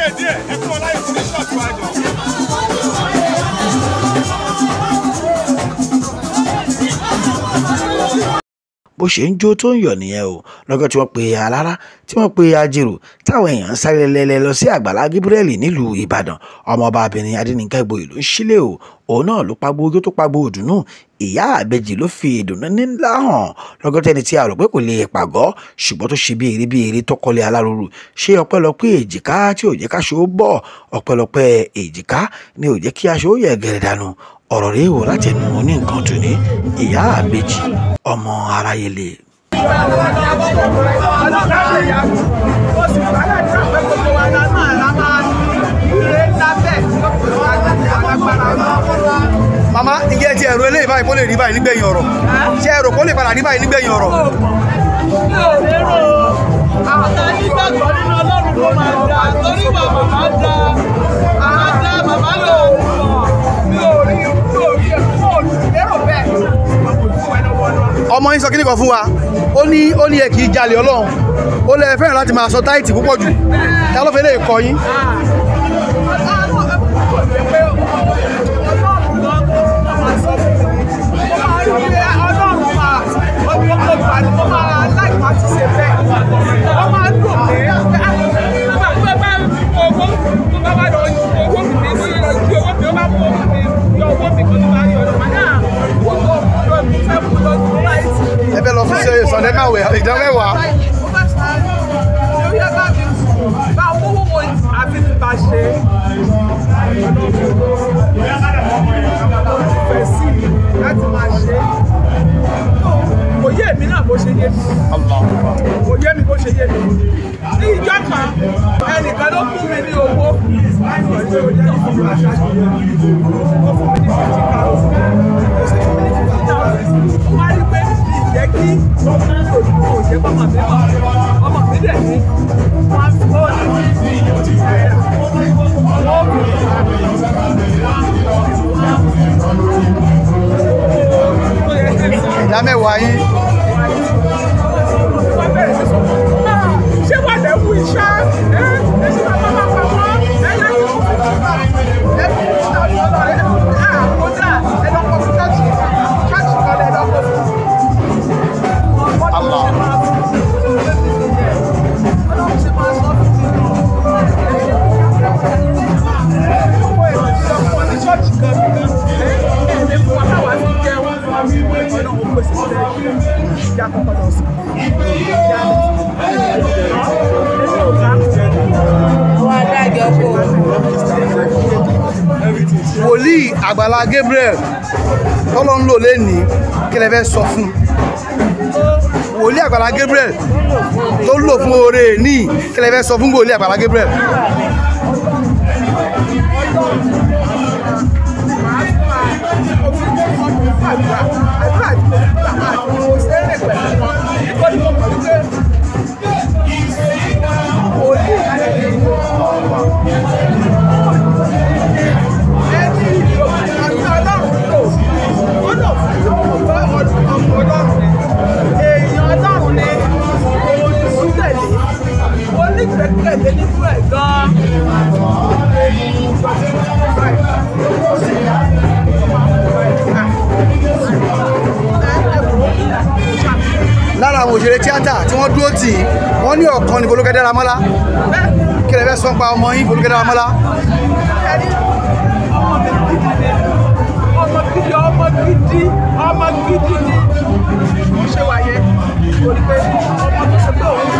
láyè díẹ̀ ẹ fún wọn láyè sí ní ṣọ́ọ̀tù àjọ. bó ṣe ń jó tó ń yọ̀ nìyẹn o lọ́jọ́ tí wọ́n pe alára tí wọ́n pe ajérò táwọn èèyàn sáré lẹ́lẹ́ lọ sí àgbàlá Gabriel nílùú Ìbàdàn ọmọọba abìnrin Adéníkà Ìgboyè ló o òun náà ló pagbo ojú tó pagbo ìdùnnú ìyá àbẹjì ló fi ìdùnnú ńlá hàn lọ́jọ́ tẹ́ni tí a rò pé kò lè pàgọ́ ṣùgbọ́n tó ṣe bí eré bí eré tọkọlẹ̀ aláròrò ṣé ọpẹ́lọpẹ́ èjìká tí ò jẹ́ káṣó bọ̀ ọpẹ́lọpẹ́ èjìká ni ò jẹ́ kí aṣọ yẹ̀ gẹ̀rẹ̀ dànù ọ̀rọ̀ rèé wò láti ẹnu oní nǹkan tù ní ìyá àbẹjì ọmọ aráyé le. màmá ìyẹn ti ẹ̀rọ eléyìí báyìí kó lè rí báyìí nígbẹ̀yìn ọ̀rọ̀ ṣé ẹ̀rọ kó lè padà rí báyìí nígbẹ̀yìn ọ̀rọ̀. àtàlí gbàgbọ́ nínú ọlọ́run ló máa dáa torí wà màmá dáa àmà dáa màmá lò ọmọ yín sọ kíní kan fún wa ó ní ó ní ẹ kì í jalè ọlọ́run ó lẹ fẹ́ràn láti máa sọ táìtì púpọ̀ jù ta ló fẹ́ lè kọ yín. yé mi kò yé mi bó ṣe yé mi ní ìjọ kan ẹnìkan ló fún mi ní owó láti ọjọ́ ìjọ yẹn fún mi láti ọjọ́ ìjọ yẹn ó fún mi ní fifty thousand ó sì fún mi ní fifty thousand ó wá rí pé ìjẹ́ kí ó jẹ́ pọ́nmọ̀ mi mọ̀ ọmọ mi dẹ̀ ní àgbàlá Gabriel tọ́lọ́ ń lò lẹ́nìí kí lẹ fẹ́ sọ fún wòlíì àgbàlá Gabriel tó ń lò fún oore ní kí lẹ fẹ́ sọ fún wòlíì àgbàlá Gabriel. Thank tẹ̀lé nínú ẹ̀ gan. lára àwọn òṣèré tíátà tí wọ́n dúró tì wọ́n ní ọ̀kan ní Folúkẹ́ Dáramọ́lá kí lè fẹ́ sọ pa ọmọ yín Folúkẹ́ Dáramọ́lá. ọmọ gidi ọmọ gidi ọmọ gidi ni mo ṣe wáyé torí pé ọmọ tó ṣe pé òun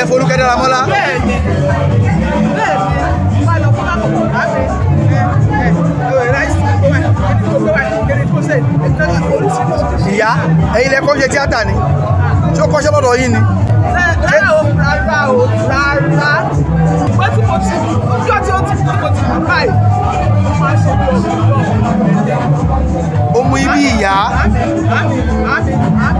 ìyẹn Folúkẹ́ Dáramọ́lá. bẹ́ẹ̀ni bẹ́ẹ̀ni máa lọ fún àkókò láti ìyá ẹ̀yin lẹ kọ́ ṣe tíátà ni tí ó kọ́ṣẹ́ lọ́dọ̀ yín ni. rárá o rárá o rárá ìgbà tí mo ti ọjọ́ tí ó ti kọ́ mo ti kọ́ báyìí mo máa ṣe bí ọ̀rọ̀ náà. ó mú ibi ìyá. àmì àmì àmì àmì.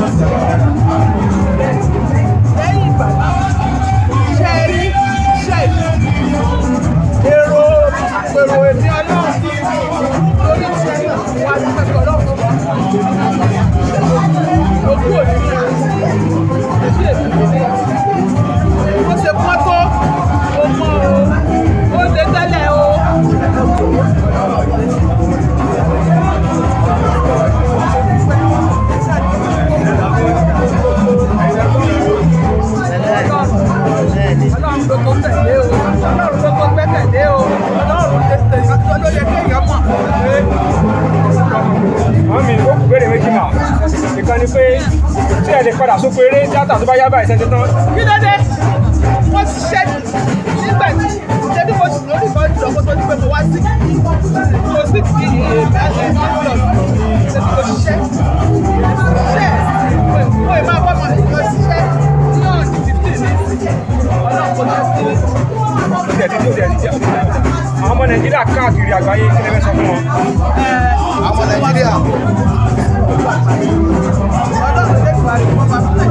Master. tíátà tó péré tíátà tó bá yá báyìí sẹ́ńtẹ́ tán. kí ló dé wọ́n ti ṣẹ́ nígbà tí ṣe mo sùn lórí ìbọn ìjọba tó ní pé wá sí mo sì kí iye láti ẹ̀ka lọ ṣe bí mo ṣiṣẹ́ ṣiṣẹ́ mo ì máa bọ́ ọmọ mi ṣiṣẹ́ ní ọ̀nà ti fi ọlọ́pọ̀ láti àwọn ọmọ nàìjíríà káàkiri àgbáyé kí lè fẹ́ sọ fún wọn. àwọn nàìjíríà. everybody.